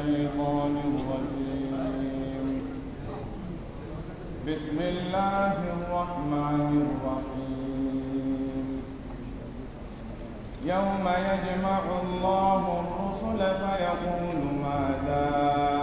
الشيطان الرجيم بسم الله الرحمن الرحيم يوم يجمع الله الرسل فيقول ماذا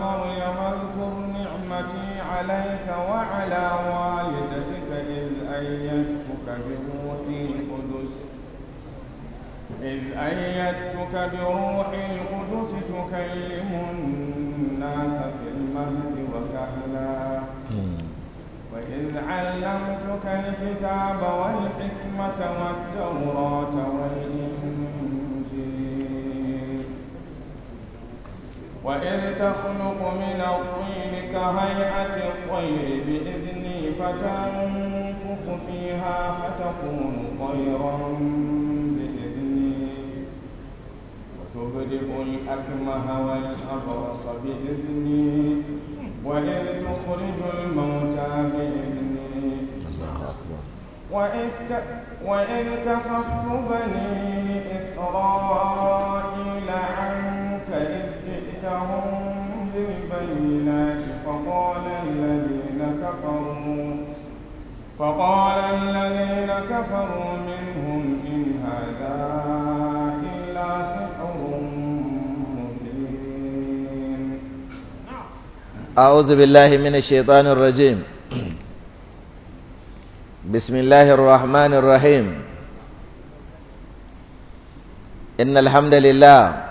مريم اذكر نعمتي عليك وعلى والدتك إذ أيدتك بروح القدس إذ أيدتك بروح القدس تكلم الناس في المهد وكهلا وإذ علمتك الكتاب والحكمة والتوراة والإنجيل وإذ تخلق من الطين كهيئة الطير بإذني فتنفخ فيها فتكون طيرا بإذني وتبرئ الأكمه والأبرص بإذني وإذ تخرج الموتى بإذني وإذ, وإذ كففت بني إسرائيل عن جئتهم بالبينات فقال الذين كفروا فقال الذين كفروا منهم إن هذا إلا سحر مبين أعوذ بالله من الشيطان الرجيم بسم الله الرحمن الرحيم إن الحمد لله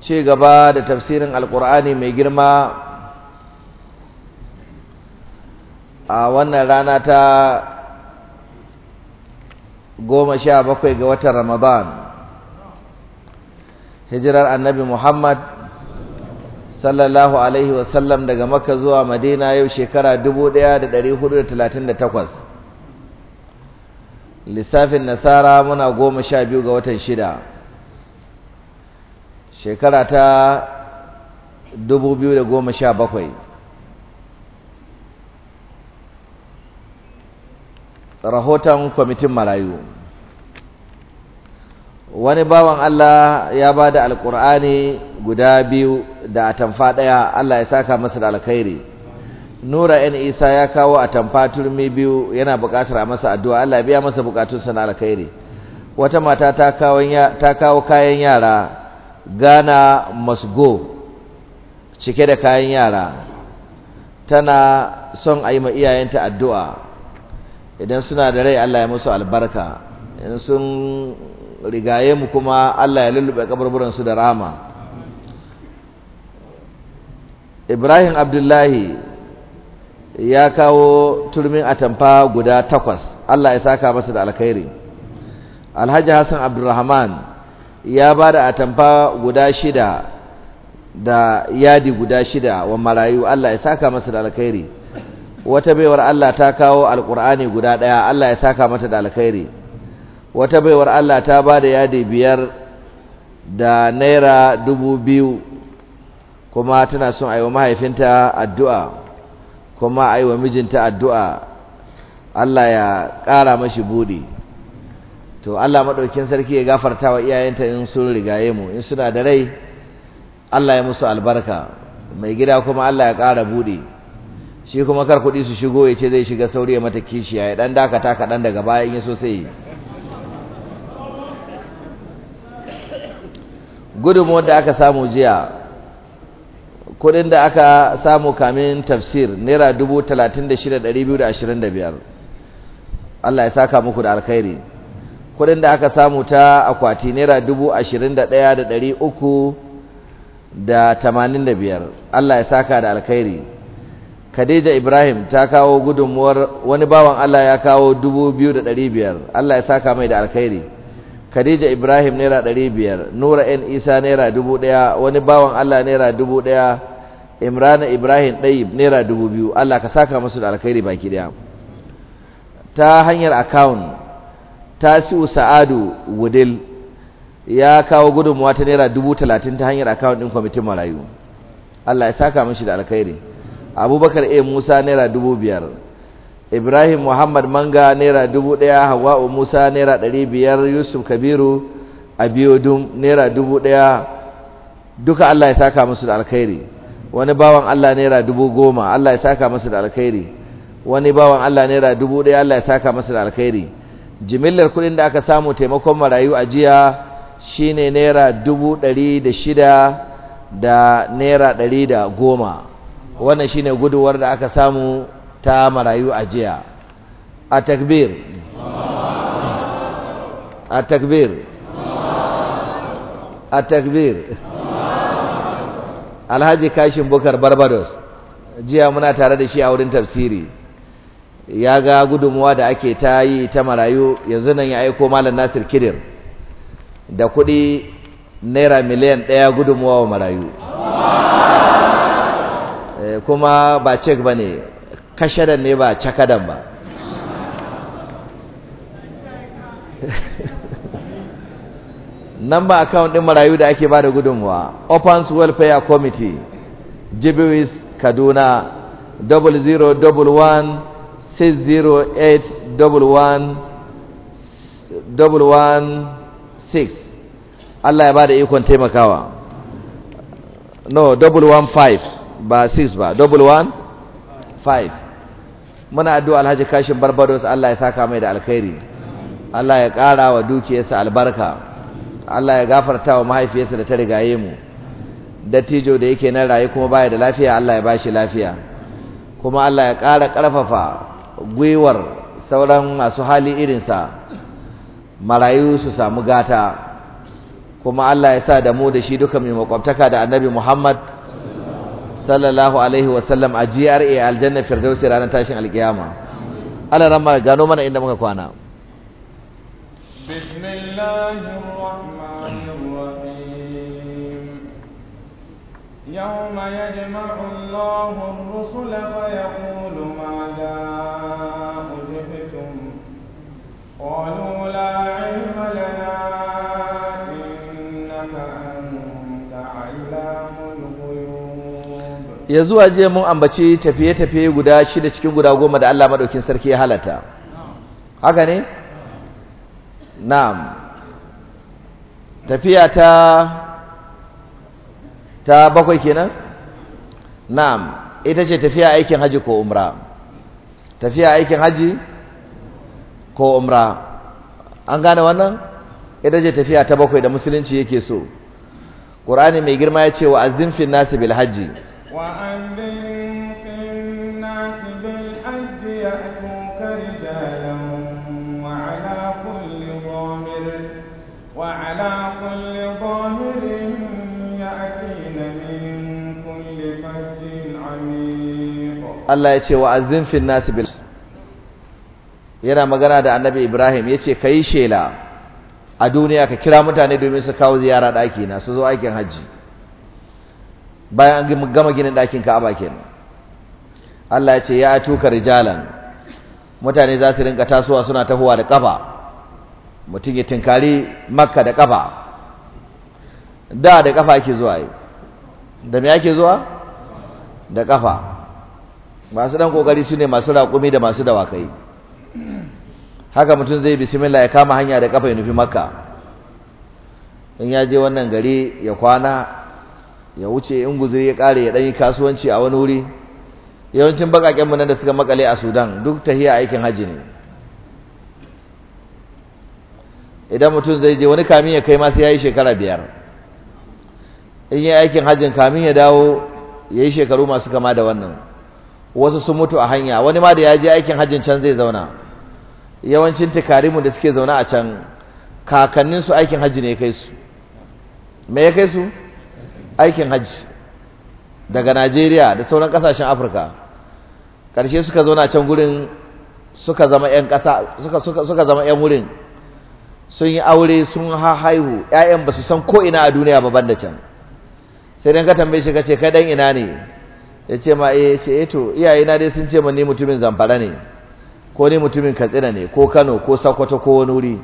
Ci gaba da tafsirin alkur'ani mai girma a wannan rana ta goma sha bakwai ga watan ramadan hijirar annabi muhammad sallallahu alaihi wasallam daga maka zuwa madina yau shekara 1438 lissafin nasara muna goma sha biyu ga watan shida shekara ta goma bakwai rahoton kwamitin marayu wani bawan Allah ya ba da alƙur'ani guda biyu da atamfa ɗaya Allah ya saka masa da alkhairi nura yan isa ya kawo atamfa turmi biyu yana buƙatar a masa addu'a Allah ya biya masa buƙatunsa na alkhairi wata mata ta kawo kayan yara Ghana must go cike da kayan yara tana son a yi iyayenta addu'a idan suna da rai Allah ya musu albarka in sun rigaye mu kuma Allah ya lullube kaburburansu da rama Ibrahim Abdullahi ya kawo turmin atamfa guda takwas Allah ya saka masa da alkhairi Alhaji Hassan Abdulrahman ya ba da atamfa guda shida da yadi guda shida wa marayu Allah ya saka masa da alkhairi wata baiwar Allah ta kawo alkur'ani guda ɗaya Allah ya saka mata da alkhairi wata baiwar Allah ta ba da yadi biyar da naira dubu biyu kuma tana son a yi mahaifinta addu'a kuma a yi mijinta addu'a Allah ya ƙara mashi buɗi to Allah madaukin sarki ya gafarta wa iyayenta in sun rigaye mu in suna da rai Allah ya musu albarka mai gida kuma Allah ya ƙara buɗe shi kuma kar kuɗi su shigo ya ce zai shiga sauri ya mata kishiya ya dan dakata kaɗan daga baya in ya so sai gudunmuwar da aka samu jiya kudin da aka samu kamin tafsir naira biyar. Allah ya saka muku da alkhairi kudin da aka samu ta akwati naira dubu ashirin da ɗaya da ɗari uku da tamanin da biyar Allah ya saka da alkhairi Khadija Ibrahim ta kawo gudunmuwar wani bawan Allah ya kawo dubu biyu da ɗari biyar Allah ya saka mai da alkhairi Khadija Ibrahim naira ɗari biyar Nura ‘yan Isa naira dubu ɗaya wani bawan Allah naira dubu ɗaya Imrana Ibrahim Ɗayib naira dubu biyu Allah ka saka musu da alkhairi baki ɗaya ta hanyar account tasiu sa'adu wudil ya kawo gudunmuwa ta naira dubu talatin ta hanyar akawun ɗin kwamitin marayu Allah ya saka mashi da alkhairi abubakar a musa naira dubu biyar ibrahim muhammad manga naira dubu ɗaya hawa'u musa naira ɗari biyar yusuf kabiru abiodun naira dubu ɗaya duka Allah ya saka musu da alkhairi wani bawan Allah naira dubu goma Allah ya saka musu da alkhairi wani bawan Allah naira dubu ɗaya Allah ya saka musu da alkhairi jimillar kudin da aka samu taimakon marayu a jiya shine naira dubu ɗari da shida da naira ɗari da goma wannan shine guduwar da aka samu ta marayu a jiya a takbir a takbir a takbir alhaji kashin bukar barbados jiya muna tare da shi a wurin tafsiri ya ga gudunmuwa da ake ta yi ta marayu yanzu nan ya aiko malam nasir Kirir da kuɗi naira miliyan ɗaya gudunmuwa wa marayu eh, kuma ba cek ba ne kashadan ne ba cakadan ba namba account ɗin marayu da ake ba da gudunmuwa opens welfare committee jibiris kaduna 0011 six zero eight double double one one six Allah ya bada ikon taimakawa no double one five ba six ba double one five muna addu'a alhaji kashin barbados Allah ya saka mai da alkhairi Allah ya ƙara wa dukiyarsa albarka Allah ya gafarta wa mahaifiyarsa da ta rigaye mu dattijo da yake nan raye kuma baya da lafiya Allah ya bashi lafiya kuma Allah ya ƙara ƙarfafa gwiwar sauran masu hali irinsa marayu su samu gata kuma Allah ya sa da mu da shi duka mai makwabtaka da annabi Muhammad sallallahu alaihi wasallam a GRA aljanna firdausi ranar tashin alkiyama Allah ramar gano mana inda muka kwana bismillahir يوم يجمع الله الرسل فيقول ماذا أجبتم قالوا لا علم لنا ya zuwa jiya, mun ambaci tafiye-tafiye guda shida cikin guda goma da Allah maɗaukin sarki ya halata haka ne? na'am tafiya ta ta bakwai kenan na'am ita ce tafiya aikin haji ko umra tafiya aikin haji ko umra an gane wannan ita ce tafiya ta bakwai da musulunci yake so ƙur'ani mai girma ya ce wa azzin fin nasi bil haji wa Allah ya ce wa azin fin nasi bil yana magana da annabi Ibrahim ya ce ka yi shela a duniya ka kira mutane domin su kawo ziyara ɗaki na su zo aikin hajji bayan an gama ginin ɗakin ka'aba kenan Allah ya ce ya tuka rijalan mutane za su rinka tasowa suna tahowa da kafa mutum ya tinkari makka da kafa da da kafa ake zuwa yi da me ake zuwa da kafa masu dan kokari ne masu raƙumi da masu dawakai haka mutum zai bisimila ya kama hanya da kafa ya nufi maka in ya je wannan gari ya kwana ya wuce in guzuri ya ƙare ya ɗanyi kasuwanci a wani wuri yawancin bakaken mu nan da suka makale a Sudan duk tahiya aikin hajji ne idan mutum zai je wani kamin ya kai ma ya yi shekara biyar in yi aikin hajjin kamin ya dawo ya yi shekaru masu kama da wannan wasu sun mutu a hanya wani ma da ya je aikin hajjin can zai zauna yawancin tikarimu da suke zauna a can kakannin su aikin hajji ne ya kai su me ya kai su aikin hajji daga Najeriya da sauran kasashen Afirka ƙarshe suka zauna can gurin suka zama 'yan wurin sun yi aure sun haihu 'ya'yan ba su san ko ina a duniya ba ban da can sai dan ka tambaye shi ka ce kai dan ina ne ya ce ma eh ce eto eh iyaye na dai sun ce ma ni mutumin zamfara ne ko ni mutumin katsina ne ko kano ko Sakwato ko wani wuri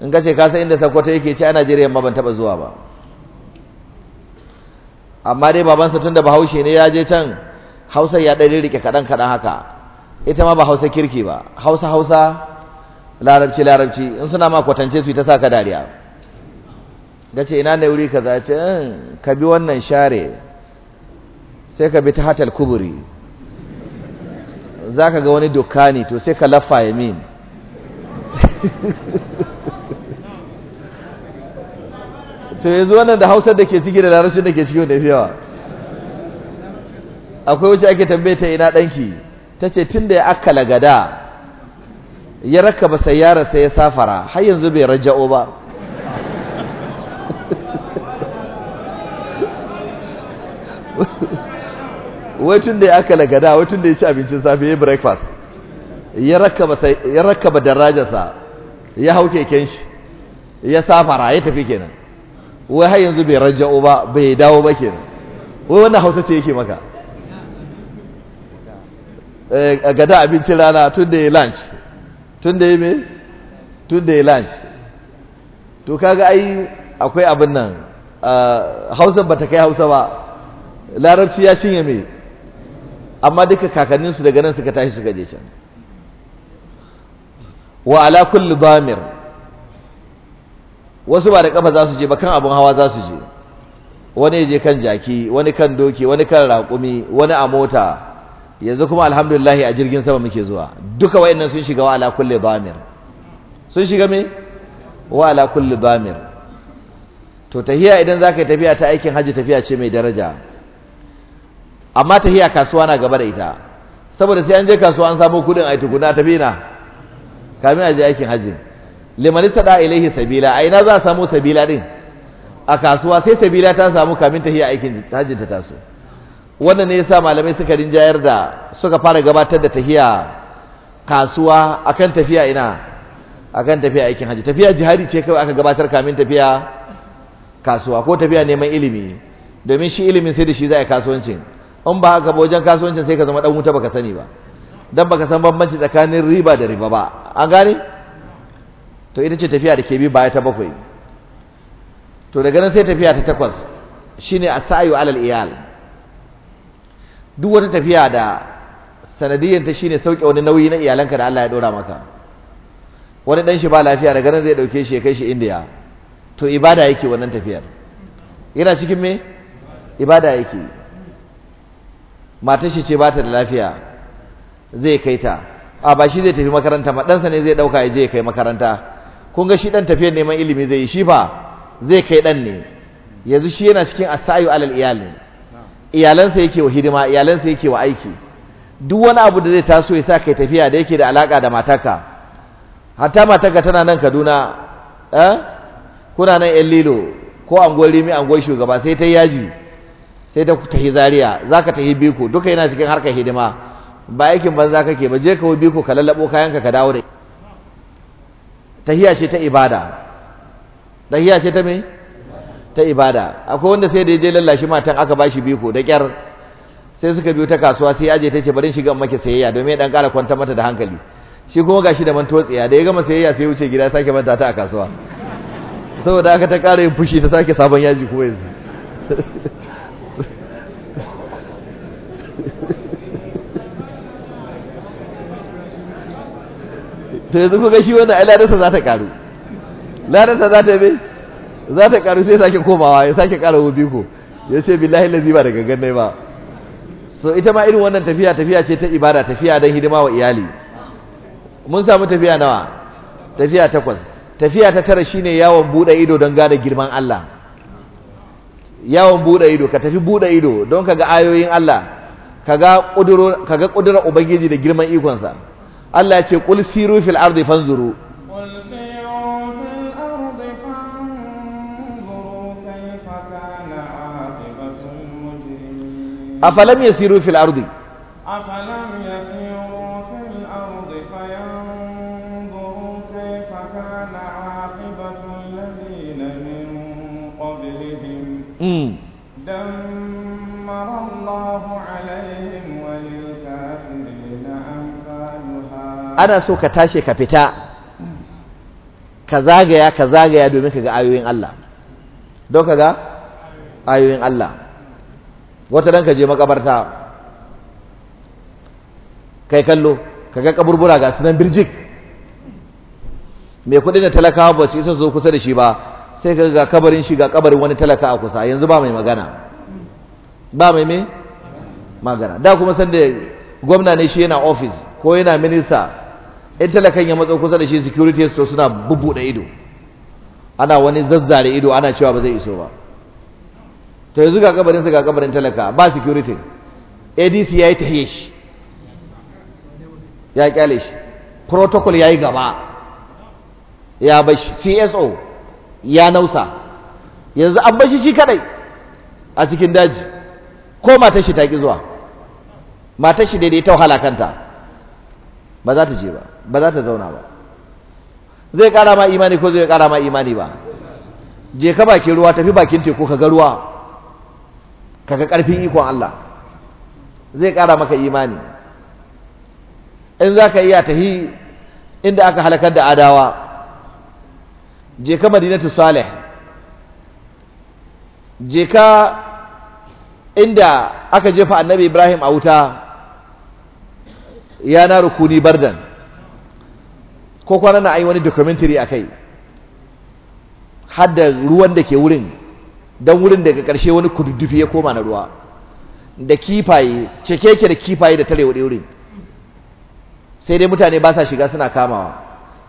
in ka ce ka san inda sakwato yake ce a najeriya ma ban taba zuwa ba amma dai babansa tun da bahaushe ne ya je can hausa ya ɗari rike kaɗan kaɗan haka ita ma ba hausa kirki ba hausa hausa larabci larabci in suna ma kwatance su ta sa ka dariya gace ina ne wuri ka ce eh, ka bi wannan share sai ka bi ta hatar kuburi za ka ga wani dokani to sai ka lafa min to yanzu wannan da hausar da ke ciki da larashin da ke ciki da fiyawa akwai wuce ake tambaye ta ina ɗanki ta ce tun da ya akkala gada ya raka ba sai yara sai ya safara har yanzu bai raja'o ba wai tun da ya aka lagada wai tun da ya ci abincin safe ya yi breakfast ya rakaba darajarsa ya hau keken shi ya safara ya tafi kenan wai har yanzu bai raja'o ba bai dawo ba kenan wai wannan hausa ce yake maka eh, a gada abincin rana tun da ya lunch tun da ya mai tun da ya lunch to kaga ai akwai abin nan ah, hausa ba ta kai hausa ba larabci ya ya mai amma duka kakanninsu daga nan suka tashi suka je can wa ala kulli damir wasu ba da kafa za su je ba kan abun hawa za su je wani ya je kan jaki wani kan doki wani kan raƙumi wani a mota yanzu kuma alhamdulillah a jirgin sama muke zuwa duka wayannan sun shiga wa ala kulli damir sun shiga me wa ala kulli damir to tahiya idan zaka yi tafiya ta aikin haji tafiya ce mai daraja amma tahiya kasuwa na gaba da ita saboda sai an je kasuwa an samu kudin a tukuna ta bina kamin a je aikin hajji liman sada ilaihi sabila a ina za a samu sabila din a kasuwa sai sabila ta samu kamin hiya aikin hajji ta taso wannan ne yasa malamai suka rinjayar da suka fara gabatar da tahiya kasuwa akan tafiya ina akan tafiya aikin hajji tafiya jihadi ce kawai aka gabatar kamin tafiya kasuwa ko tafiya neman ilimi domin shi ilimin sai da shi za a yi kasuwancin in ba haka ba wajen kasuwancin sai ka zama dan wuta baka sani ba dan baka san bambanci tsakanin riba da riba ba an gane to ita ce tafiya da ke bi baya ta bakwai to daga nan sai tafiya ta takwas shine asayu alal iyal duk wata tafiya da sanadiyyar ta shine sauke wani nauyi na iyalanka da Allah ya dora maka wani dan shi ba lafiya daga nan zai dauke shi ya kai shi indiya, to ibada yake wannan tafiyar yana cikin me ibada yake matar shi ce bata da lafiya zai kai ta a ba shi zai tafi makaranta ma ɗansa ne zai ɗauka ya je kai makaranta kun ga shi ɗan tafiyar neman ilimi zai yi shi fa zai kai ɗan ne yanzu shi yana cikin asayu alal iyali iyalansa yake wa hidima iyalansa yake wa aiki duk wani abu da zai taso ya sa kai tafiya da yake da alaka da mataka hatta mataka tana nan Kaduna eh kuna nan yan lilo ko angon rimi anguwar shugaba sai ta yaji sai ku tafi zaria za ka tafi biko duka yana cikin harkar hidima ba aikin banza kake ba je ka biko ka lallabo kayanka ka dawo da tahiya ce ta ibada tahiya ce ta me ta ibada akwai wanda sai da je lallashi matan aka bashi biko da kyar sai suka biyo ta kasuwa sai aje ta ce bari shiga maka sayayya domin dan kara kwanta mata da hankali shi kuma gashi da mantuwa tsiya da ya gama sayayya sai wuce gida sake manta ta a kasuwa saboda aka ta kara yin fushi ta sake sabon yaji kuma yanzu to yanzu kuka shi wannan ai ladarsa za ta karu ladarsa za ta mai za ta karu sai sake komawa ya sake kara wubi ko ya ce billahi lazi ba da gangan ba so ita ma irin wannan tafiya tafiya ce ta ibada tafiya don hidima wa iyali mun samu tafiya nawa tafiya takwas tafiya ta tara shine yawon bude ido don gane girman Allah yawon bude ido ka tafi bude ido don ka ga ayoyin Allah kaga ƙudurar ubangiji da girman ikonsa Allah ya ce ƙul siru fil ardi fanzuru afalam yasiru fil ardi afalam fil ardi fayanzuru kayfa kana aqibatu alladhina min qablihim hmm. dammara Allahu ana so ka tashi ka fita ka zagaya ka zagaya domin ka ga ayoyin Allah don ka ga ayoyin Allah wata dan ka je makabarta kai kallo ka ga kaburbura ga sunan birjik mai kudi da talakawa ba su isa zo kusa da shi ba sai ka ga kabarin shi ga kabarin wani talaka a kusa yanzu ba mai magana ba mai mai magana da kuma sanda gwamna ne shi yana ofis ko yana minista in talakan ya matsa kusa da shi security so suna bubbuɗe ido ana wani zazzare ido ana cewa ba zai iso ba to yanzu ga kabarin sa ga kabarin talaka ba security ADC yayi tahiye shi ya kyale shi protocol yayi gaba ya shi CSO ya nausa yanzu an bashi shi kadai a cikin daji ko matar shi ta ki zuwa matar shi daidai ta wahala kanta ba za ta je ba ba za ta zauna ba zai kara ma imani ko zai kara ma imani ba je ka bakin ruwa tafi bakin teku ka ga ruwa ka ga karfin ikon Allah zai kara maka imani in za ka iya tahi inda aka halakar da adawa je ka madinatu salih je ka inda aka jefa annabi ibrahim a wuta ya na rukuni bardan ko kwana na an wani documentary akai kai hadda ruwan da ke wurin don wurin daga karshe wani kududdufi ya koma na ruwa da kifaye cike yake da kifaye da tare wuri wurin sai dai mutane ba sa shiga suna kamawa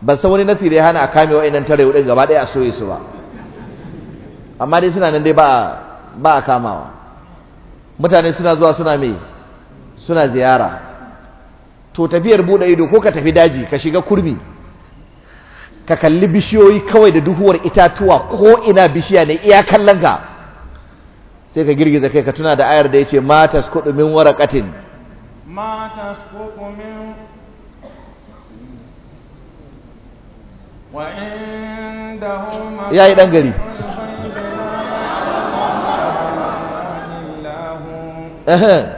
ban san wani nasiri ya hana a kame wa'annan tare wurin gaba daya a soye su ba amma dai suna nan dai ba a kamawa mutane suna zuwa suna mai suna ziyara to tafiyar buɗe ido ko ka tafi daji ka shiga kurmi ka kalli bishiyoyi kawai da duhuwar itatuwa ko ina bishiya ne iya kallon ka sai ka girgiza kai ka tuna da ayar da yace matas tasqudu min waraqatin min wa indahum yayi dan gari eh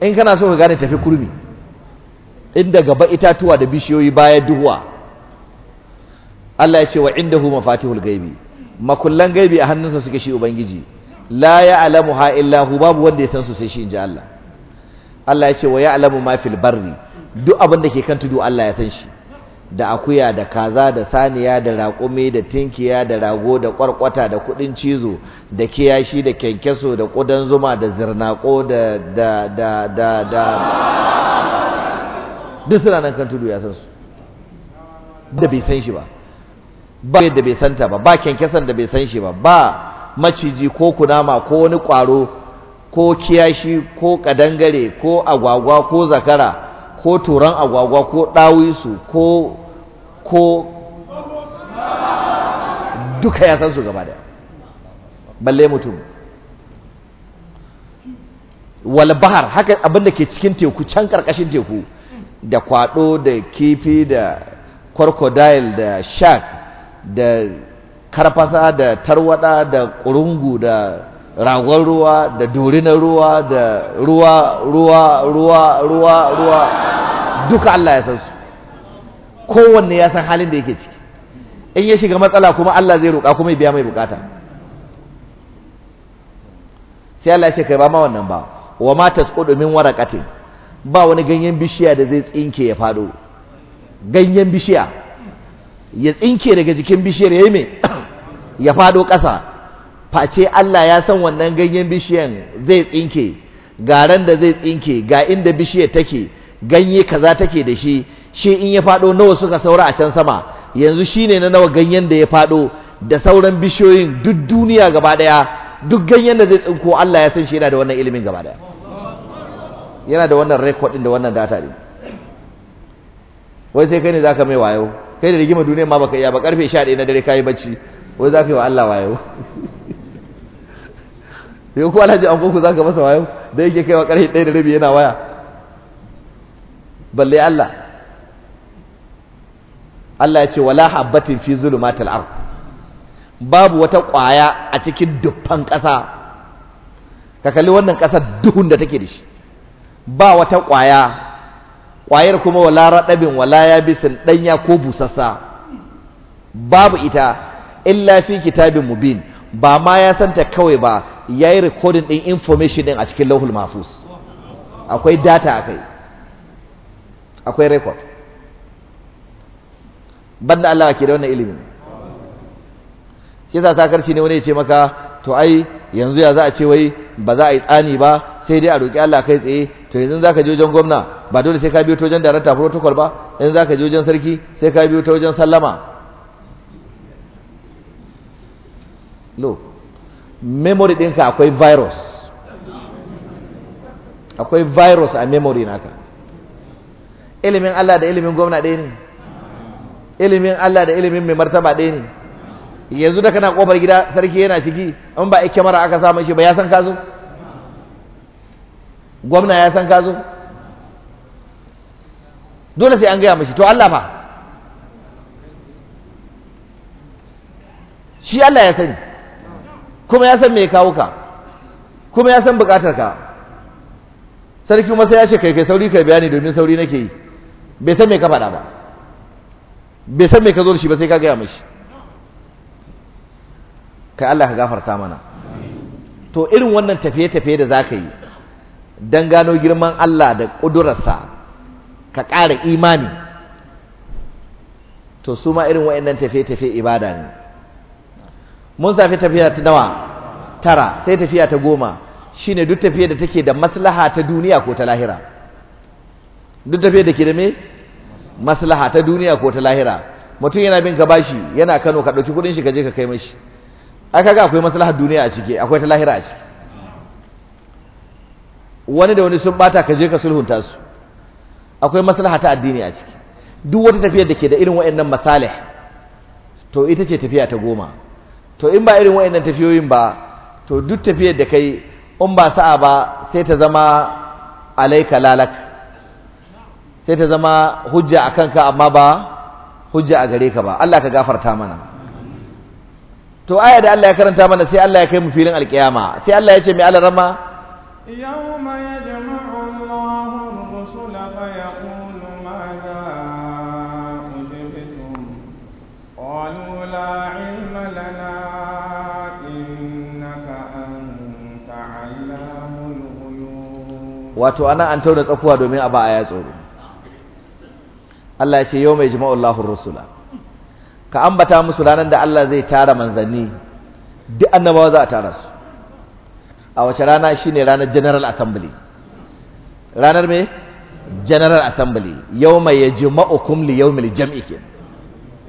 in kana so ka gane tafi kurmi inda gaba itatuwa da bishiyoyi baya duhuwa Allah ya ce wa indahu mafatihul gaibi makullan gaibi a hannunsa suke shi ubangiji la ya'lamuha illa hu babu wanda ya san su sai shi inji Allah Allah ya ce wa ya'lamu ma fil barri duk abin da ke kan tudu Allah ya san shi da akuya da kaza da saniya da raƙumi da tinkiya da rago da ƙwarƙwata da kuɗin cizo da kiyashi da kyankyaso da ƙudan zuma da zirnaƙo da da da da da duk suna nan kan tudu ya san su da bai san shi ba ba yadda bai san ta ba ba kyankyasan da bai san shi ba ba maciji ko kunama ko wani ƙwaro ko kiyashi ko ƙadangare ko agwagwa ko zakara ko turan agwagwa ko ɗawisu ko ko duka ya san su gaba da balle mutum walbahar haka abinda ke cikin teku can karkashin teku da kwado da kifi da crocodile da shark da karfasa da tarwada da kurungu da ragon ruwa da dorinan ruwa da ruwa ruwa ruwa ruwa ruwa duka Allah ya san su kowanne ya san halin da yake ciki in ya shiga matsala kuma Allah zai roƙa kuma ya biya mai bukata sai Allah ya ce kai ba ma wannan ba wa ma tasqudu min waraqatin ba wani ganyen bishiya da zai tsinke ya fado ganyen bishiya ya tsinke daga jikin bishiyar yayi me ya fado ƙasa face Allah ya san wannan ganyen bishiyan zai tsinke ga ran da zai tsinke ga inda bishiyar take ganye kaza take da shi shi in ya fado nawa suka saura a can sama yanzu shine na nawa ganyen da ya fado da sauran bishiyoyin duk duniya gaba daya duk ganyen da zai tsinko Allah ya san shi yana da wannan ilimin gaba daya yana da wannan record din da wannan data din wai sai kai ne zaka mai wayo kai da rigima duniya ma baka iya ba karfe 11 na dare kai bacci wai zaka yi wa Allah wayo yau ko alhaji an koko zaka masa wayo da yake kaiwa karfe ɗaya da rabi yana waya balle Allah Allah ya ce wala habbatin fi zulumatil ard babu wata kwaya a cikin dufan ƙasa ka kalli wannan ƙasa duhun da take da shi ba wata kwaya kwayar kuma wala ya wala yabisin ɗanya ko busassa babu ita illa fi kitabin mubin ba ma ya santa kawai ba ya yi rikodin ɗin information ɗin a cikin lauhul mafus akwai data a kai akwai rekod banda Allah ke da wannan ilimin shi yasa sakarci ne wani ya ce maka to ai yanzu ya za a ce wai ba za a yi tsani ba sai dai a roƙi Allah kai tsaye to yanzu za ka je wajen gwamna ba dole sai ka biyo ta wajen darata protocol ba yanzu za ka je wajen sarki sai ka biyo ta wajen sallama lo memory ɗinka akwai virus akwai virus a memory naka ilimin Allah da ilimin gwamna ɗaya ne ilimin Allah da ilimin mai martaba ɗaya ne yanzu da kana ƙofar gida sarki yana ciki an ba a kyamara aka samu shi ba ya san ka zo gwamna ya san ka zo dole sai an gaya mashi to Allah fa shi Allah ya sani kuma ya san me kawo ka kuma ya san bukatar ka sarki kuma sai ya ce kai kai sauri kai bayani domin sauri nake yi bai san me ka faɗa ba bai san me ka zo da shi ba sai ka gaya mashi kai Allah ka gafarta mana to irin wannan tafiye-tafiye da za ka yi don gano girman Allah da ƙudurarsa ka ƙara imani to su ma irin wa'annan tafiye-tafiye ibada ne mun safi tafiya ta nawa tara sai tafiya ta goma shine duk tafiya da take da maslaha ta duniya ko ta lahira duk tafiya da ke da me maslaha ta duniya ko ta lahira mutum yana bin ka bashi yana Kano ka ɗauki kudin shi ka je ka kai mashi a kaga akwai maslahar duniya a ciki akwai ta lahira a ciki wani da wani sun bata ka je ka sulhunta su akwai maslaha ta addini a ciki duk wata tafiyar da ke da irin wa'annan masalih to ita ce tafiya ta goma to in ba irin wayannan tafiyoyin ba to duk tafiyar da kai in ba sa'a ba sai ta zama alaika lalak sai ta zama hujja a kanka amma ba hujja a gare ka ba Allah ka gafarta mana to aya da Allah ya karanta mana sai Allah ya kai mu filin alkiyama sai Allah ya ce mai alarama yawma yajma'u wato ana an tauna tsakuwa domin a ba a ya tsoro Allah ya ce yau mai jima'ullahu rusula ka ambata musu ranar da Allah zai tara manzanni duk annabawa za a tara su a wace rana shine ranar general assembly ranar me general assembly yau mai ya jima'ukum li yau mil jam'i ke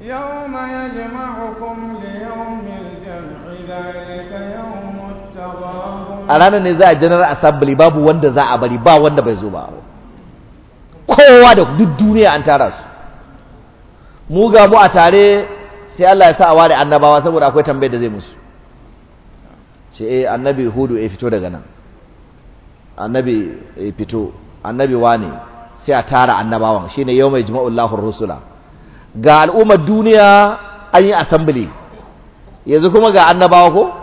yau mai ya jima'ukum li mil jam'i a ranar ne za a general assembly babu wanda za a bari ba wanda bai zo ba kowa da duk duniya an tara su mu ga mu a tare sai Allah ya sa a ware annabawa saboda akwai tambayar da zai musu ce eh annabi hudu ya fito daga nan annabi ya fito annabi wane sai a tara annabawan shine yau mai yawmai lahur rusula ga al'ummar duniya an yi assembly yanzu kuma ga annabawa ko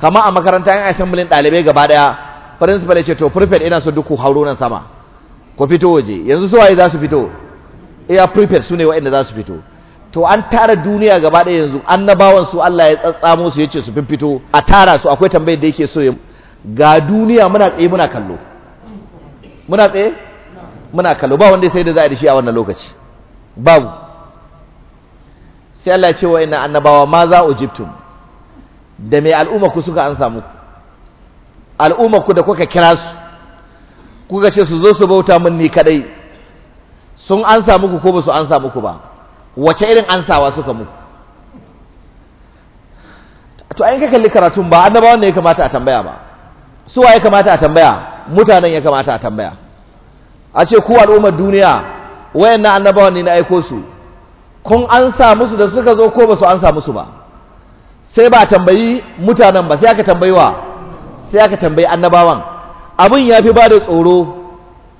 kama a makaranta yan assemblin ɗalibai gaba ɗaya principal yace to prefect ina so duk hauro nan sama ko fito waje yanzu su waye za su fito iya prefect su ne waɗanda za su fito to an tara duniya gaba ɗaya yanzu annabawan su Allah ya tsatsamo su yace su fito a tara su akwai tambayar da yake so ga duniya muna tsaye muna kallo muna tsaye muna kallo ba wanda sai da za a dashi a wannan lokaci babu sai Allah ya ce wa inna annabawa ma za ujibtum da mai al'umma ku suka ansa muku al'umma ku da kuka kira su kuka ce su zo su bauta min ni kadai sun ansa muku ko ba su ansa muku ba wace irin ansawa suka muku to ayin ka kalli karatun ba annabawan ne ya kamata a tambaya ba su waye kamata a tambaya mutanen ya kamata a tambaya a ce ku al'ummar duniya wayannan annabawan ne na aiko su kun ansa musu da suka zo ko ba su ansa musu ba sai ba tambayi mutanen ba sai aka tambayi wa sai aka tambayi annabawan abin ya fi ba da tsoro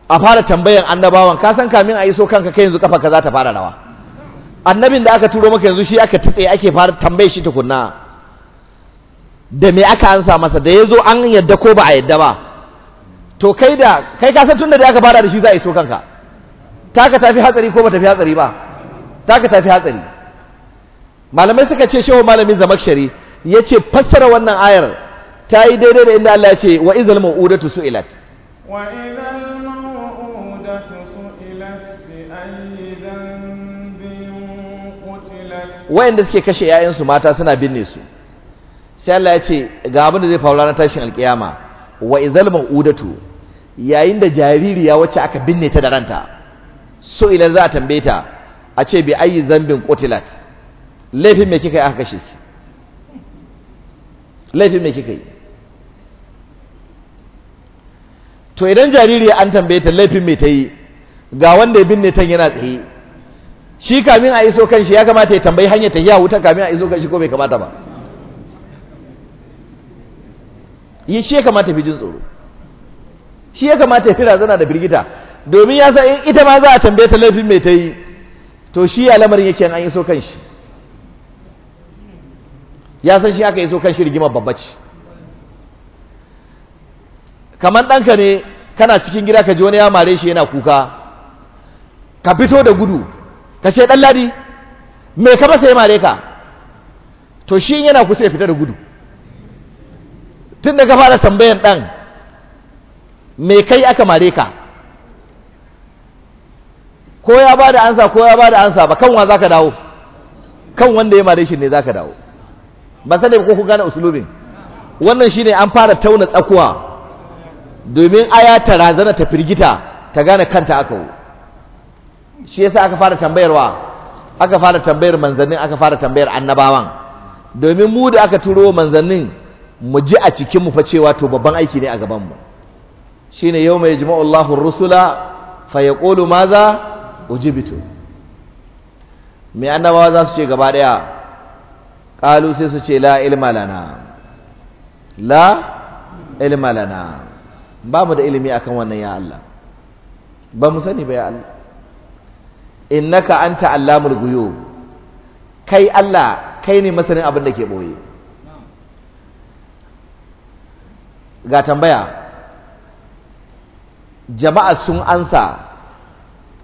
a fara tambayan annabawan ka san kamin a iso kanka kai yanzu kafa ka za ta fara rawa annabin da aka turo maka yanzu shi aka tutse ake fara tambaye shi tukunna da me aka ansa masa da ya zo an yadda ko ba a yadda ba to kai da kai ka san tunda da aka fara da shi za a iso kanka taka tafi hatsari ko ba tafi hatsari ba taka tafi hatsari malamai suka ce shehu malamin zamakshari ya ce fassara wannan ayar ta yi daidai da inda Allah ya ce wa izal ma'udatu su'ilat wa izal ma'udatu su'ilat bi ayyi dhanbin qutilat suke kashe yayansu mata suna binne su sai Allah ya ce ga abin da zai faru ranar tashin alkiyama wa izal ma'udatu yayin da jaririya wacce aka binne ta da ranta su ilat za a tambaye ta a ce bi ayyi dhanbin qutilat laifin mai kika yi aka kashe ki laifin mai kika yi to idan jariri an tambaye ta laifin mai ta yi ga wanda ya binne tan yana tsaye shi kamin a iso kan shi ya kamata ya tambayi hanyar ta yi ta kamin a iso kan shi ko bai kamata ba yi shi ya kamata fi jin tsoro shi ya kamata ya fi razana da birgita domin ya sa ita ma za a tambaye ta laifin mai ta yi to shi ya lamarin yake an iso kan shi ya san shi aka iso kan shi rigimar babbaci kamar ɗanka ne kana cikin gida ka ji wani ya mare shi yana kuka ka fito da gudu ka ce ɗan ladi mai ka sai mare ka to shi yana kusa ya fita da gudu tun da ka fara tambayan ɗan mai kai aka mare ka ko ya ba da ansa ko ya ba da ansa ba kanwa za ka dawo kan wanda ya mare shi ne za ka dawo ba sai ko ku gane usulubin wannan shine an fara tauna tsakuwa domin aya ta razana ta firgita ta gane kanta aka shi yasa aka fara tambayarwa aka fara tambayar manzannin aka fara tambayar annabawan domin mu da aka turo manzannin mu ji a cikin mu fa cewa to babban aiki ne a gaban mu shine mai yajma'u Allahu rusula fa yaqulu maza ujibitu me annabawa za su ce gaba daya ƙalu sai su ce la ilma lana la ilma lana ba mu da ilimi akan wannan ya Allah ba mu sani ba ya Allah innaka anta allamul guyub kai Allah kai ne masanin abin da ke boye ga tambaya jama'a sun ansa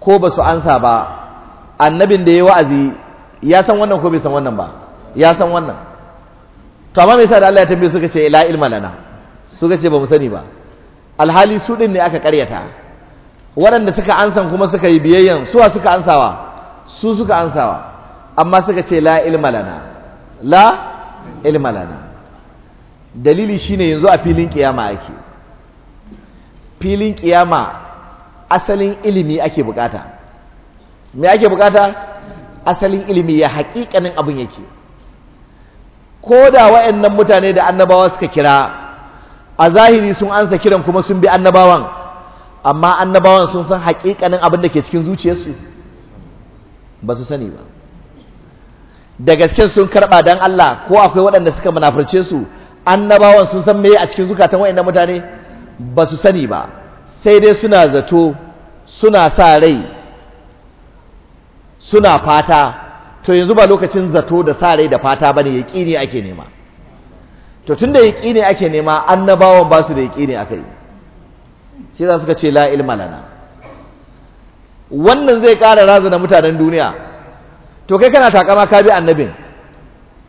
ko ba su ansa ba annabin da ya wa'azi ya san wannan ko bai san wannan ba ya san wannan to amma me yasa da Allah ya tambaye suka ce la ilma lana suka ce ba mu sani ba alhali su din ne aka karyata waɗanda suka ansan kuma suka yi biyayyan suwa suka ansawa su suka ansawa amma suka ce la ilma lana la ilma lana dalili shine yanzu a filin kiyama ake filin kiyama asalin ilimi ake bukata me ake bukata asalin ilimi ya haƙiƙanin abin yake ko da waɗannan mutane da annabawa suka kira a zahiri sun ansa kiran kuma sun bi annabawan amma annabawan sun san haƙiƙanin abin da ke cikin zuciyarsu ba su sani ba da gasken sun karɓa don Allah ko akwai waɗanda suka munafurce su annabawan sun san meye a cikin zukatan wa'annan mutane ba su sani ba sai dai suna zato suna sa rai suna fata to yanzu ba lokacin zato da sa rai da fata bane yaqini ake nema to tunda yaqini ake nema annabawan ba su da yaqini akai shi za suka ce la ilma lana wannan zai ƙara razana mutanen duniya to kai kana takama ka bi annabin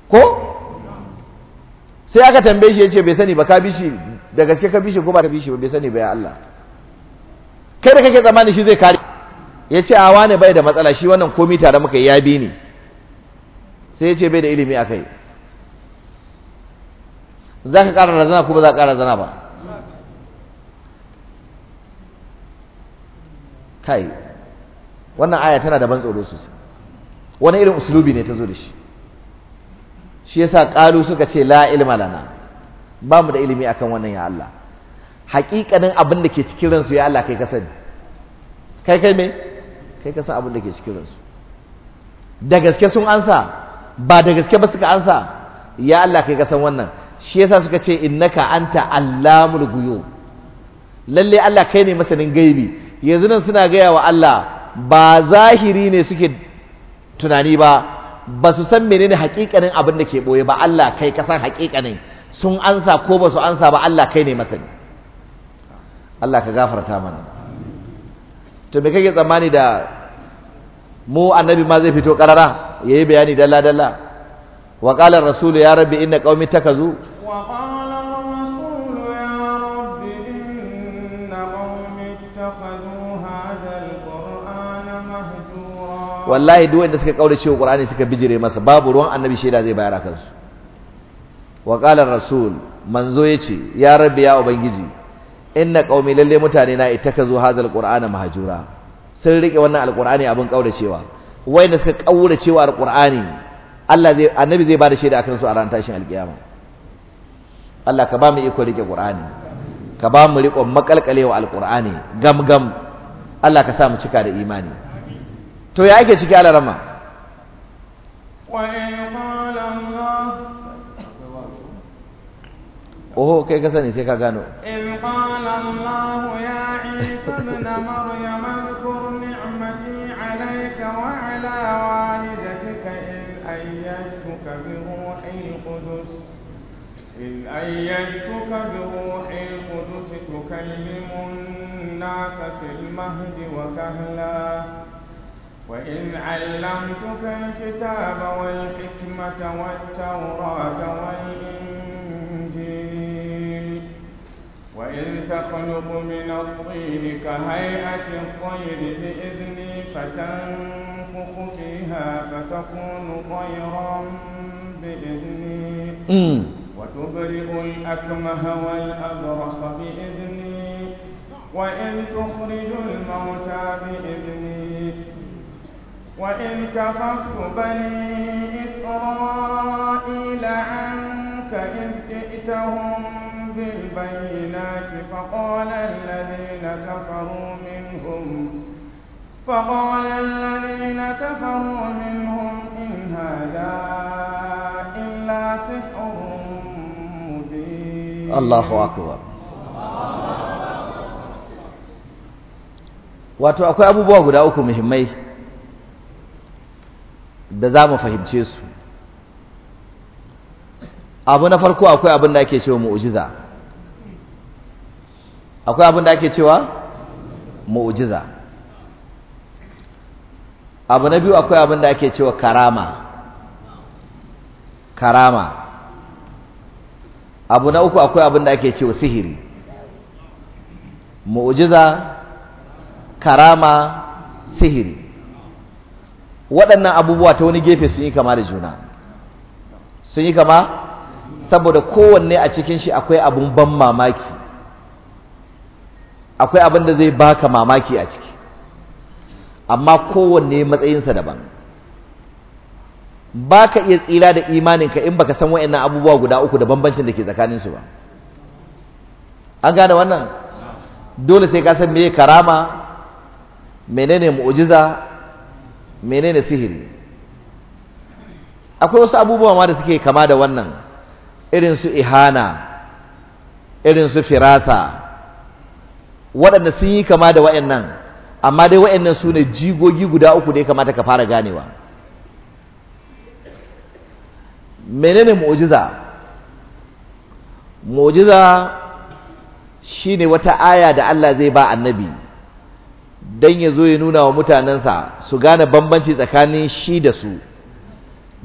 ko sai aka tambaye shi yace bai sani ba ka bi shi da gaske ka bi shi ko ba ka bi shi ba bai sani ba ya Allah kai da kake tsammani shi zai kare yace a wane bai da matsala shi wannan komi tare muka yi ya bi ni sai ya ce bai da ilimi a kai za ka ƙara razana ko ba za ka ƙara razana ba kai wannan aya tana da ban tsoro sosai wani irin usulubi ne ta zo da shi shi yasa ƙalu suka ce la ilma lana ba mu da ilimi akan wannan ya Allah haƙiƙanin abin da ke cikin ransu ya Allah kai ka sani kai kai me kai ka abin da ke cikin ransu da gaske sun ansa ba da gaske ba suka ansa ya Allah kai kasan wannan shi yasa suka ce innaka anta allamul guyu lalle Allah kai ne masanin gaibi yanzu nan suna gaya wa Allah ba zahiri ne suke tunani ba ba su san menene hakikanin abin da ke boye ba Allah kai kasan hakikanin sun ansa ko ba su ansa ba Allah kai ne masani Allah ka gafarta mana to me kake tsammani da mu annabi ma zai fito karara yayi bayani dalla dalla wa qala ar-rasul ya rabbi inna qaumi takazu wa qala ar-rasul ya rabbi inna qaumi ittakhadhu hadha al-qur'ana mahjura wallahi duk wanda suka kaura cewa qur'ani suka bijire masa babu ruwan annabi shaida zai bayar akan su wa qala ar-rasul manzo yace ya rabbi ya ubangiji inna qaumi lalle mutane na ittakazu hadha al-qur'ana mahjura sun riƙe wannan alƙur'ani abin cewa wayanda suka cewa alƙur'ani Allah zai annabi zai bada shaida akan su a ran tashin alƙiyama Allah ka ba mu iko rike alƙur'ani ka ba mu riko makalƙalewa alƙur'ani gam gam Allah ka sa mu cika da imani to ya ake ciki alarama oho kai ka sani sai ka gano in qala Allah ya isa ibn maryam والدتك إذ أيدتك بروح القدس إذ أيدتك بروح القدس تكلم الناس في المهد وكهلا وإذ علمتك الكتاب والحكمة والتوراة والإنجيل وإذ تخلق من الطين كهيئة الطير بإذني فتنظر ينفخ فيها فتكون طيرا بإذني وتبرئ الأكمه والأبرص بإذني وإن تخرج الموتى بإذني وإن كففت بني إسرائيل عنك إذ جئتهم بالبينات فقال الذين كفروا منهم فقال الذين كفروا منهم إن هذا إلا سحر مبين الله أكبر wato akwai abubuwa guda uku muhimmai da za mu fahimce su abu na farko akwai abin da ake cewa mu'ujiza akwai abin da ake cewa mu'ujiza abu na biyu akwai abin da ake cewa karama karama abu na uku akwai abin da ake cewa sihiri mu'jiza karama sihiri waɗannan abubuwa ta wani gefe sun yi kama da juna sun yi kama saboda kowanne a cikin shi akwai abun ban mamaki akwai abin da zai baka mamaki a ciki amma kowanne matsayinsa daban ba ka iya tsira da imaninka in baka san wa'annan abubuwa guda uku da bambancin da ke tsakaninsu ba an gane wannan dole sai ka san me karama menene mu'jiza menene sihiri akwai wasu abubuwa ma da suke kama da wannan irin su ihana irin su firasa waɗanda sun yi kama da wa'annan amma dai wa'annan su ne jigogi guda uku da ya kamata ka fara ganewa menene mu'jiza mu'jiza shine wata aya da Allah zai ba annabi dan ya zo ya nuna wa mutanensa su gane bambanci tsakanin shi da su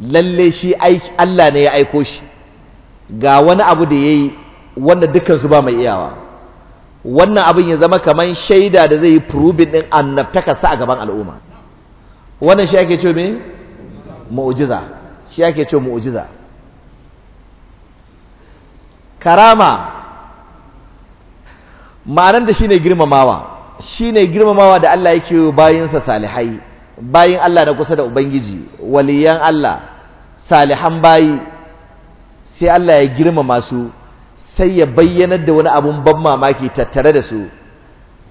lalle shi Allah ne ya aiko shi ga wani abu da yayi wanda dukkan su ba mai iyawa wannan abin ya zama kaman shaida da zai yi proving din annabtakarsa a gaban al'umma wannan shi ake ce mai mu'jiza shi ake ce mu'jiza karama ma'anar da shine girmamawa shine girmamawa da Allah yake yi salihai bayin Allah na kusa da ubangiji waliyan Allah salihan bayi sai Allah ya girmama su sai ya bayyanar da wani abun ban mamaki tattare da su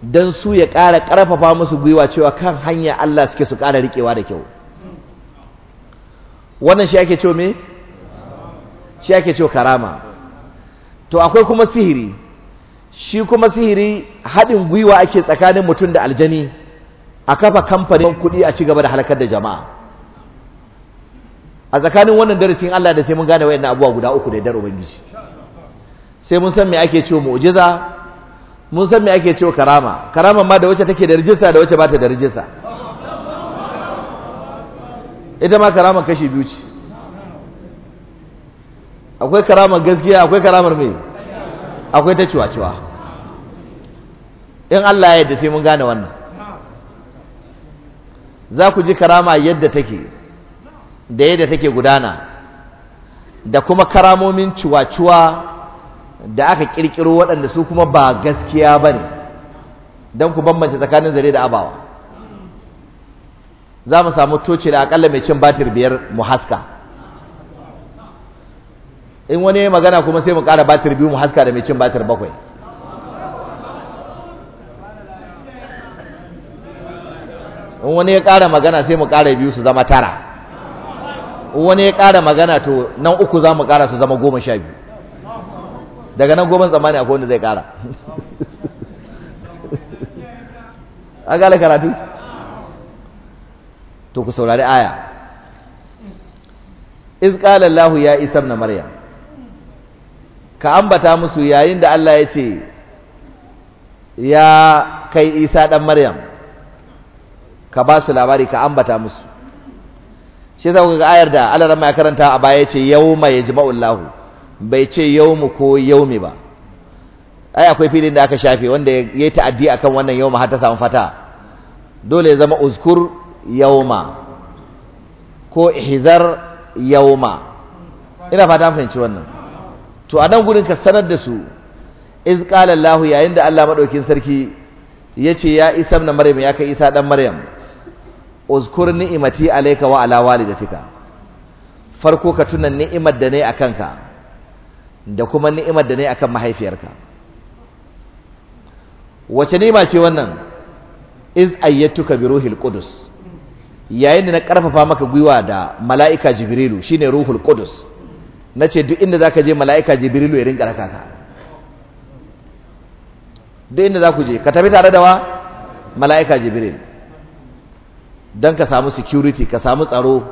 don su ya ƙara ƙarfafa musu gwiwa cewa kan hanya Allah suke su ƙara riƙewa da kyau wannan shi ake cewa me shi ake cewa karama to akwai kuma sihiri shi kuma sihiri haɗin gwiwa ake tsakanin mutum da aljani a kafa kamfanin kuɗi a ci gaba da halakar da jama'a a tsakanin wannan darasin Allah da sai mun gane wayannan abubuwa guda uku da dar ubangiji sai mun san me ake cewa mu'jiza mun san me ake cewa karama karama ma da wacce take da rijista da wacce ba ta da rijista ita ma karama kashi biyu ce akwai karaman gaskiya akwai karamar mai akwai ta ciwa-ciwa in Allah ya yadda sai mun gane wannan za ku ji karama yadda take da yadda take gudana da kuma karamomin ciwa-ciwa da aka kirkiro waɗanda su kuma ba gaskiya ba ne don ku bambance tsakanin zare da abawa za mu samu toci da akalla mai cin batir biyar mu haska in wani magana kuma sai mu ƙara batir biyu mu haska da mai cin batir bakwai in wani ya ƙara magana sai mu ƙara biyu su zama tara in wani ya ƙara magana to nan uku za mu ƙara su zama goma sha biyu daga nan goma tsammani akwai wanda zai kara an gane karatu to ku saurari aya iz qala ya isa na maryam ka ambata musu yayin da allah ya ce ya kai isa dan maryam ka ba su labari ka ambata musu shi za ku ga ayar da Allah ya karanta a baya ce yau mai yajma'u lahu. bai ce yawmu ko yaumi ba ai akwai filin da aka shafe wanda ya yi ta'addi akan wannan yauma har ta samu fata dole ya zama uzkur yauma ko ihzar yauma ina fata an fahimci wannan to a nan gurin ka sanar da su iz qala yayin da Allah madaukin sarki yace ya Isa ibn Maryam ya kai Isa dan Maryam uzkur ni'imati alayka wa ala walidatika farko ka tuna ni'imar da ne akan ka da kuma ni'imar da ne akan mahaifiyarka wace ni'ima ce wannan iz ka bi ruhil qudus yayin da na karfafa maka gwiwa da mala'ika jibrilu shine ruhul qudus nace duk inda zaka je mala'ika jibrilu ya rinka raka ka duk inda zaku je ka tafi tare da wa mala'ika jibril dan ka samu security ka samu tsaro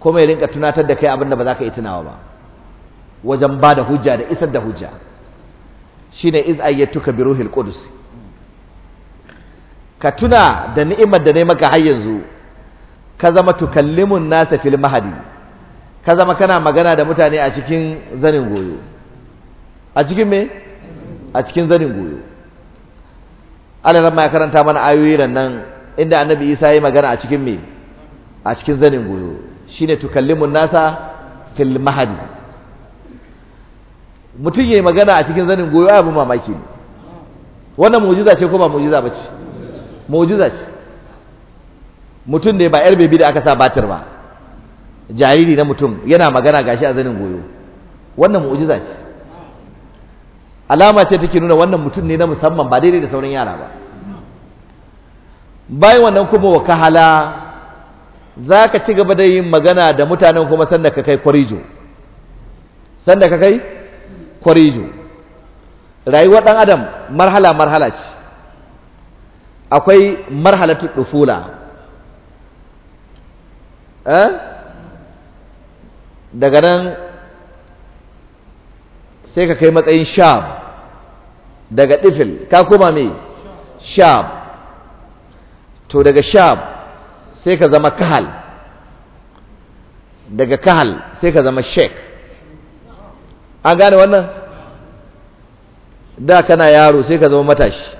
kuma ya rinka tunatar da kai abinda ba za ka yi tunawa ba wajen ba da hujja da isar da hujja shine iz ayyatuka bi ruhil qudus ka tuna da ni'imar da ne maka har yanzu ka zama tukallimun nasa fil mahadi ka zama kana magana da mutane a cikin zanin goyo a cikin me a cikin zanin goyo Allah ran ya karanta mana ayoyi nan inda Annabi Isa yayi magana a cikin me a cikin zanin goyo shine tukallimun nasa fil mahadi mutum yi magana a cikin zanin goyo abin mamaki ne wannan mu'jiza ce ko ba mu'jiza ce mu'jiza ce mutum ne ba yar bebi da aka sa batir ba jariri na mutum yana magana gashi a zanin goyo wannan mu'jiza ce alama ce take nuna wannan mutum ne na musamman ba daidai da sauran yara ba bayan wannan kuma wa kahala za ka ci gaba da yin magana da mutanen kuma sanda ka kai kwarijo sanda ka kai kwarejo rayuwar ɗan adam marhala marhala ce akwai marhalatu ɗufula eh? daga nan sai ka kai matsayin shab daga ɗifil ka koma me shab to daga shab sai ka zama kahal daga kahal sai ka zama shek an gane wannan da kana yaro sai ka zama matashi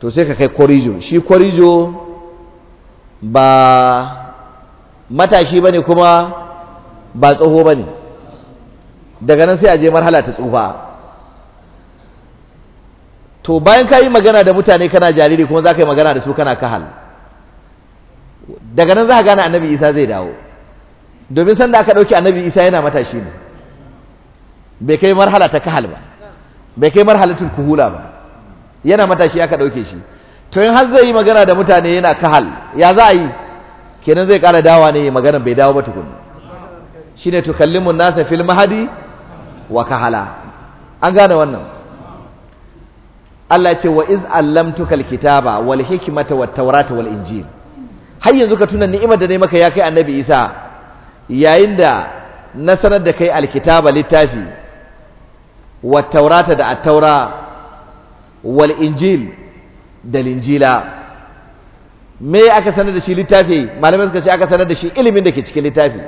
to sai ka kai korijo shi korijo ba matashi ba ne kuma ba tsoho ba ne daga nan sai a je marhala ta tsufa to bayan ka yi magana da mutane kana jariri kuma za ka yi magana da su kana kahal daga nan za ka gane annabi isa zai dawo domin sanda aka ɗauki annabi isa yana matashi ne bai kai marhala ta kahal ba bai kai marhalatul kuhula ba yana matashi aka dauke shi to in har zai yi magana da mutane yana kahal ya za a yi kenan zai kara dawa ne magana bai dawo ba tukunna shine tukallimun nasa fil mahadi wa kahala an gane wannan Allah ce wa iz allamtuka alkitaba wal hikmata wat tawrata wal injil har yanzu ka tuna ni'imar da nayi maka ya kai annabi Isa yayin da na sanar da kai alkitaba littafi wa taurata da attaura wal injil da linjila me aka sanar da shi littafi malamai suka ce aka sanar da shi ilimin da ke cikin littafi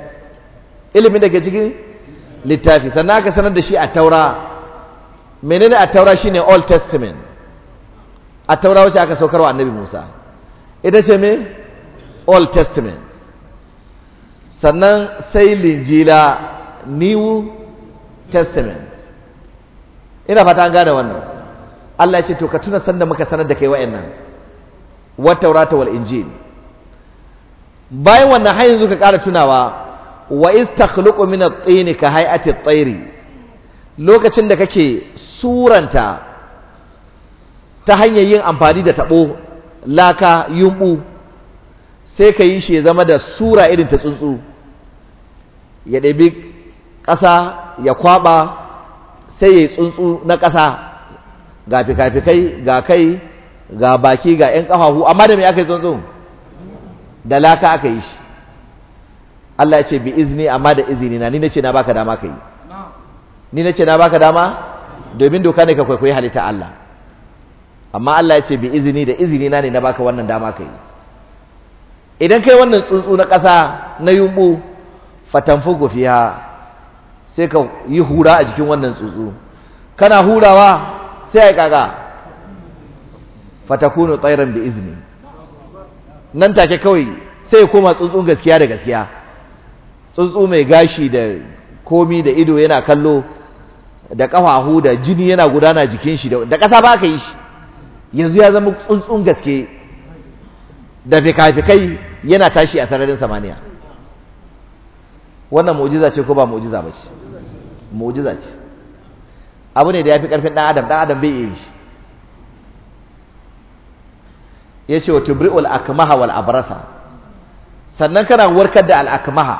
ilimin da ke cikin littafi sannan aka sanar da shi a taura menene a taura shine old testament a taura wacce aka saukarwa annabi musa ita ce me old testament sannan sai linjila new testament ina fata an gane wannan Allah ya ce to ka tuna sanda muka sanar da kai wa'annan wa taurata wal injil bayan wannan har yanzu ka ƙara tunawa wa istakhluqu min at-tin ka hay'ati at-tayri lokacin da kake suranta ta hanyar yin amfani da tabo laka yumbu sai ka yi shi ya zama da sura irin ta tsuntsu ya ɗabi ƙasa ya kwaɓa sai ya yi tsuntsu na ƙasa ga fikafikai ga kai ga baki ga 'yan ƙafafu amma da me aka yi tsuntsun da laka aka yi shi Allah ya ce bi izini amma da izini na ni na ce na baka dama ka yi ni na ce na baka dama domin doka ne ka kwaikwayi halitta Allah amma Allah ya ce bi izini da izini na ne na baka wannan dama ka yi idan kai wannan tsuntsu na ƙasa na yumbu fatanfugu fiya sai ka yi hura a jikin wannan tsutsu kana hurawa sai ya kaga fatakunu tsairan bi izini nan take kawai sai koma tsuntsun gaskiya da gaskiya tsuntsu mai gashi da komi da ido yana kallo da kafahu da jini yana gudana jikin shi da kasa ba ka yi shi yanzu ya zama tsuntsun gaske da fikafikai yana tashi a sararin samaniya wannan mu'jiza ce ko ba mu'jiza ba ce mu'jiza ce abu ne da ya fi karfin dan adam dan adam bai yi shi Ya ce wa tubri al'akamaha wal abrasa sannan kana warkar da al'akamaha,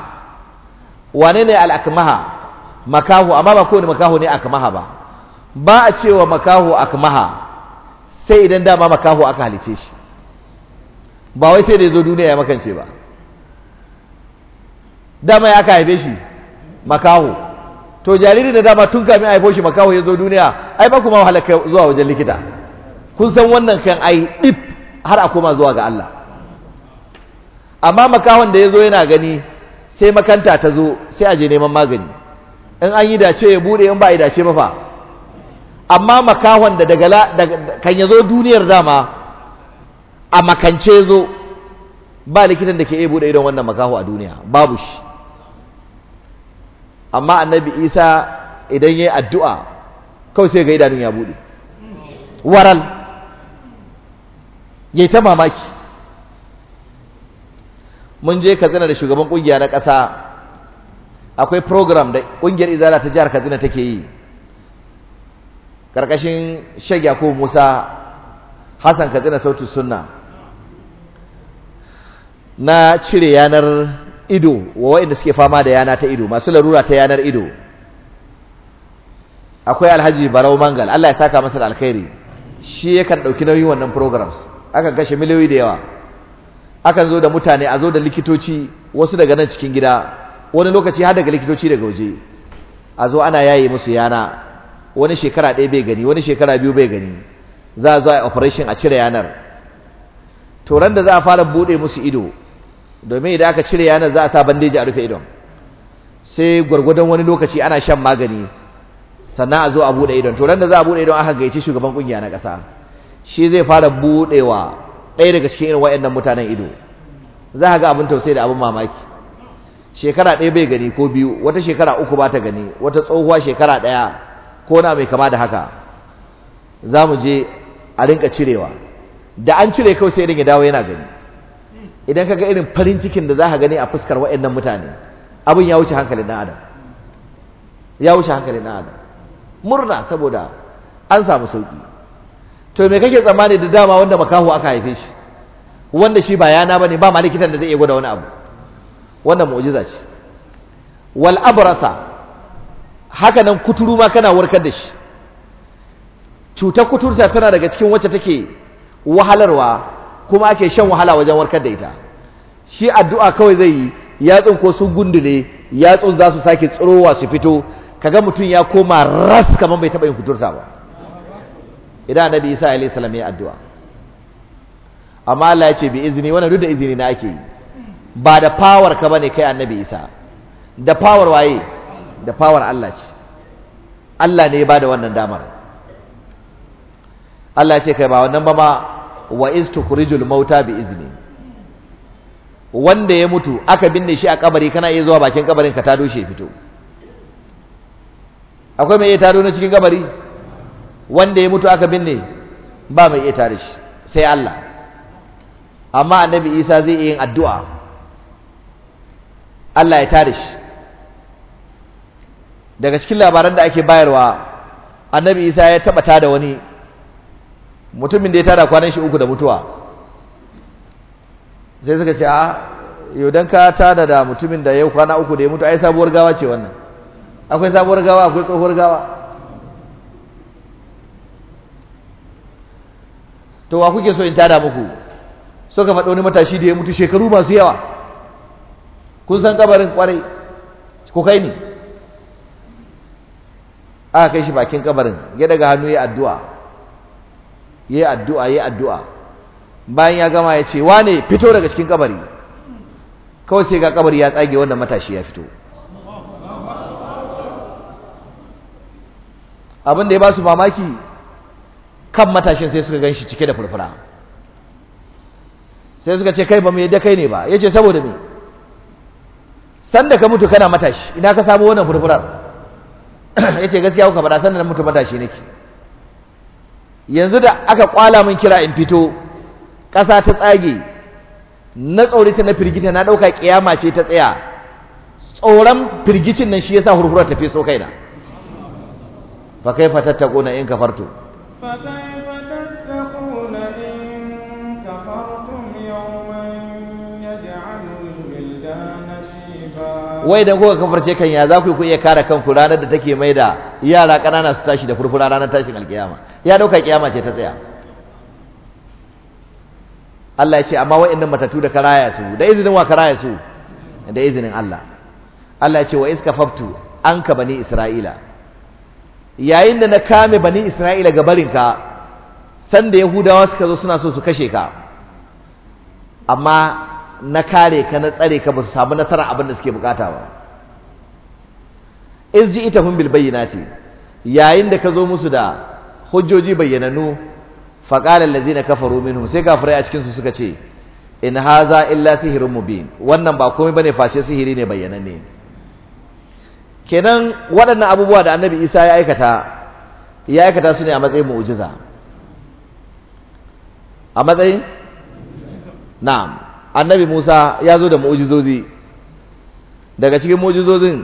wane ne al'akamaha makahu amma ba kowane makahu ne akamaha ba ba a cewa makahu akamaha sai idan dama makahu aka halice shi ba wai sai da ya zo duniya ya makance ba dama ya aka haife shi makaho to jariri da dama tun kamin haifo shi makaho ya zo duniya ai ba kuma halaka zuwa wajen likita kun san wannan kan ai dip har a koma zuwa ga Allah amma makahon da ya zo yana gani sai makanta ta zo sai a je neman magani in an yi dace ya bude in ba a yi dace ba fa amma makahon da daga kan ya zo duniyar dama a makance zo ba likitan da ke iya bude idon wannan makaho a duniya babu shi amma annabi isa idan ya yi addu'a kawai sai ga idanun ya buɗe waral ya yi ta mamaki mun je katsina da shugaban ƙungiya na ƙasa akwai program da ƙungiyar izala ta jihar katsina take yi ƙarƙashin shagya ko musa hassan katsina sautin sunna na cire yanar ido wa suke fama da yana ta ido masu larura ta yanar ido akwai alhaji barau mangal Allah ya saka masa da alkhairi shi yakan ɗauki nauyin wannan programs aka kashe miliyoyi da yawa akan zo da mutane a zo da likitoci wasu daga nan cikin gida wani lokaci har daga likitoci daga waje a zo ana yayi musu yana wani shekara ɗaya bai gani wani shekara biyu bai gani za a zo a operation a cire yanar to ran da za a fara buɗe musu ido domin idan aka cire yanar za a sa bandeji a rufe idon sai gwargwadon wani lokaci ana shan magani sannan a zo a buɗe idon to da za a buɗe idon aka gaici shugaban kungiya na kasa shi zai fara buɗewa ɗaya daga cikin irin waɗannan mutanen ido za ga abin tausayi da abin mamaki shekara ɗaya bai gani ko biyu wata shekara uku ba ta gani wata tsohuwa shekara ɗaya ko na mai kama da haka za mu je a rinka cirewa da an cire kawai sai irin ya dawo yana gani idan kaga irin farin cikin da zaka gani a fuskar waɗannan mutane abin ya wuce hankalin dan adam ya wuce hankalin dan adam murna saboda an samu sauki to me kake tsammani da dama wanda makaho aka haife shi wanda shi ba yana bane ba malikitan likitan da zai iya gwada wani abu wannan mu'jiza ce wal abrasa haka nan kuturu ma kana warkar da shi cutar kuturta tana daga cikin wacce take wahalarwa kuma ake shan wahala wajen warkar da ita shi addu'a kawai zai yi yatsun ko sun gundule yatsun za su sake tsirowa su fito kaga mutum ya koma ras kamar bai taɓa yin kuturta ba idan annabi isa alayhi salam ya addu'a amma Allah ya ce bi izini wannan duk da izini na ake yi ba da power ka bane kai annabi isa da power waye da power Allah ce Allah ne ya bada wannan damar Allah ya ce kai ba wannan ba ma wa istu kurijul mauta bi izini. wanda ya mutu aka binne shi a kabari kana iya zuwa bakin kabarin ka tado shi fito akwai mai iya tado na cikin kabari wanda ya mutu aka binne ba mai iya tare shi sai Allah amma annabi Isa zai iya yin addu'a Allah ya tare shi daga cikin labaran da ake bayarwa annabi Isa ya taba tada wani mutumin da ya tara kwanan shi uku da mutuwa sai suka ce a yau don ka tada da mutumin da ya kwana uku da ya mutu ai sabuwar gawa ce wannan akwai sabuwar gawa akwai tsohuwar gawa to wa kuke so in tada muku suka faɗo wani matashi da ya mutu shekaru masu yawa kun san kabarin kwarai ku kai ni aka kai shi bakin kabarin ya daga hannu ya addu'a yi addu'a yi addu'a bayan ya gama ya ce wane fito daga cikin kabari kawai sai ga kabari ya tsage wanda matashi ya fito abin da ya ba su mamaki kan matashin sai suka gan shi cike da furfura sai suka ce kai ba mai yadda kai ne ba ya ce saboda me sanda ka mutu kana matashi ina ka samu wannan furfurar ya ce gaskiya kuka faɗa sanda na mutu matashi nake yanzu da aka kwala min kira in fito ƙasa ta tsage na tsaurita na firgita na ɗauka ƙiyama ce ta tsaya tsoron firgicin nan shi yasa hurhura ta feso kaina fa fatatta na in ka farto. wai dan kuka kafarce kan ya za ku iya kare kanku ranar da take mai da yara ƙanana su tashi da furfura ranar tashin alkiyama ya dauka kiyama ce ta tsaya Allah ya ce amma wa'annan matatu da karaya su da izinin wa karaya su da izinin Allah Allah ya ce wa iska faftu an ka bani Isra'ila yayin da na kame bani Isra'ila ga barinka sanda Yahudawa suka zo suna so su kashe ka amma na kare ka na tsare ka ba su samu nasara abin da suke bukata ba izji ita hun bilbayyana ce yayin da ka zo musu da hujjoji bayyananu faƙalar lazi na kafaru minhum sai gafirai a cikinsu suka ce in haza illa sihirin mubin wannan ba komai ne face sihiri ne bayyananne kenan waɗannan abubuwa da annabi isa ya aikata ya aikata su ne a matsayin mu'ujiza a matsayin na'am annabi Musa ya zo da mu'jizozi daga cikin mu'ujizozin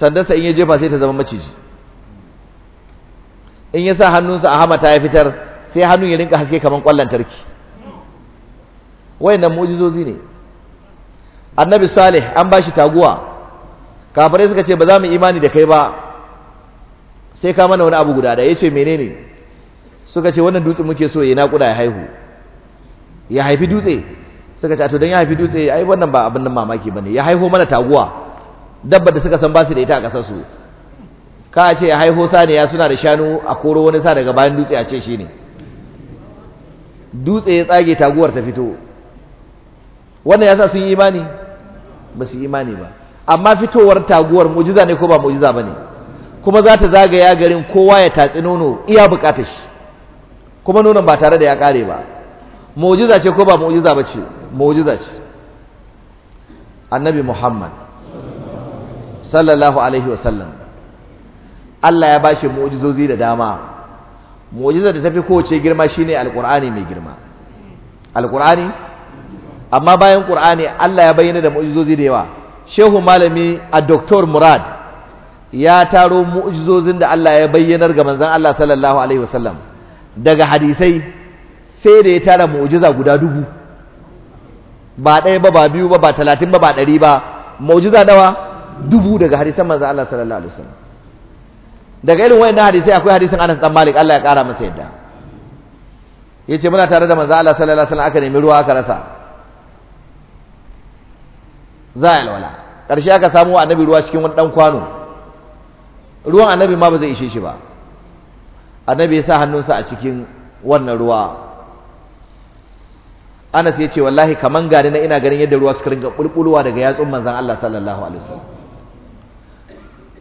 sandarsa in ya jefa sai ta zama maciji in ya sa hannunsa a ta ya fitar sai hannun ya rinka haske kamar kwallon tarki wayannan mu'jizozi ne annabi Salih an ba shi taguwa kafirai suka ce ba za mu imani da kai ba sai ka mana wani abu guda da yace menene suka ce wannan dutse muke so ya naƙuda ya haihu ya haifi dutse suka ce to dan ya haifi dutse ai wannan ba abin nan mamaki bane ya haihu mana taguwa dabba da suka san ba su da ita a kasar su ka ce ya haiho saniya suna da shanu a koro wani sa daga bayan dutse a ce shine dutse ya tsage taguwar ta fito wannan yasa sun yi imani ba su yi imani ba amma fitowar taguwar mu'jiza ne ko ba mu'jiza bane kuma za ta zagaya garin kowa ya tatsi nono iya bukatar shi kuma nonon ba tare da ya kare ba mu'jiza ce ko ba mu'jiza ba ce mu'jiza ce annabi Muhammad sallallahu alaihi wasallam Allah ya bashi mu'jizozi da dama mu'jizar da tafi kowace girma shine alqur'ani mai girma alqur'ani amma bayan qur'ani Allah ya bayyana da mu'jizozi da yawa shehu malami a doktor murad ya taro mu'jizozin da Allah ya bayyanar ga manzon Allah sallallahu alaihi wasallam daga hadisai sai da ya tara mu'jiza guda dubu ba ɗaya ba ba biyu ba ba talatin ba ba ɗari ba mu'jiza dawa dubu daga hadisan manzo Allah sallallahu alaihi wasallam daga irin wayannan hadisai akwai hadisin Anas dan Malik Allah ya kara masa yadda yace muna tare da manzo Allah sallallahu alaihi wasallam aka nemi ruwa aka rasa za a alwala ƙarshe aka samu annabi ruwa cikin wani ɗan kwano ruwan annabi ma ba zai ishe shi ba annabi ya sa hannunsa a cikin wannan ruwa Anas ya ce wallahi kaman gani na ina ganin yadda ruwa suka ringa bulbulwa daga yatsun manzon Allah sallallahu alaihi wasallam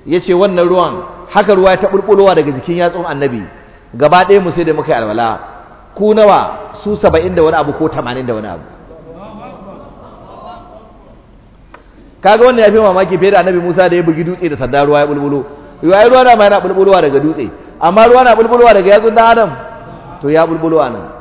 yace wannan ruwan haka ruwa ya ta bulbulwa daga jikin yatsun annabi gaba ɗaya mu sai da muka yi alwala ku nawa su 70 da wani abu ko 80 da wani abu kaga wannan ya fi mamaki fiye da annabi Musa da ya bugi dutse da sanda ruwa ya bulbulo ruwa ruwa na ma yana bulbulwa daga dutse amma ruwa na bulbulwa daga yatsun dan adam to ya bulbulo anan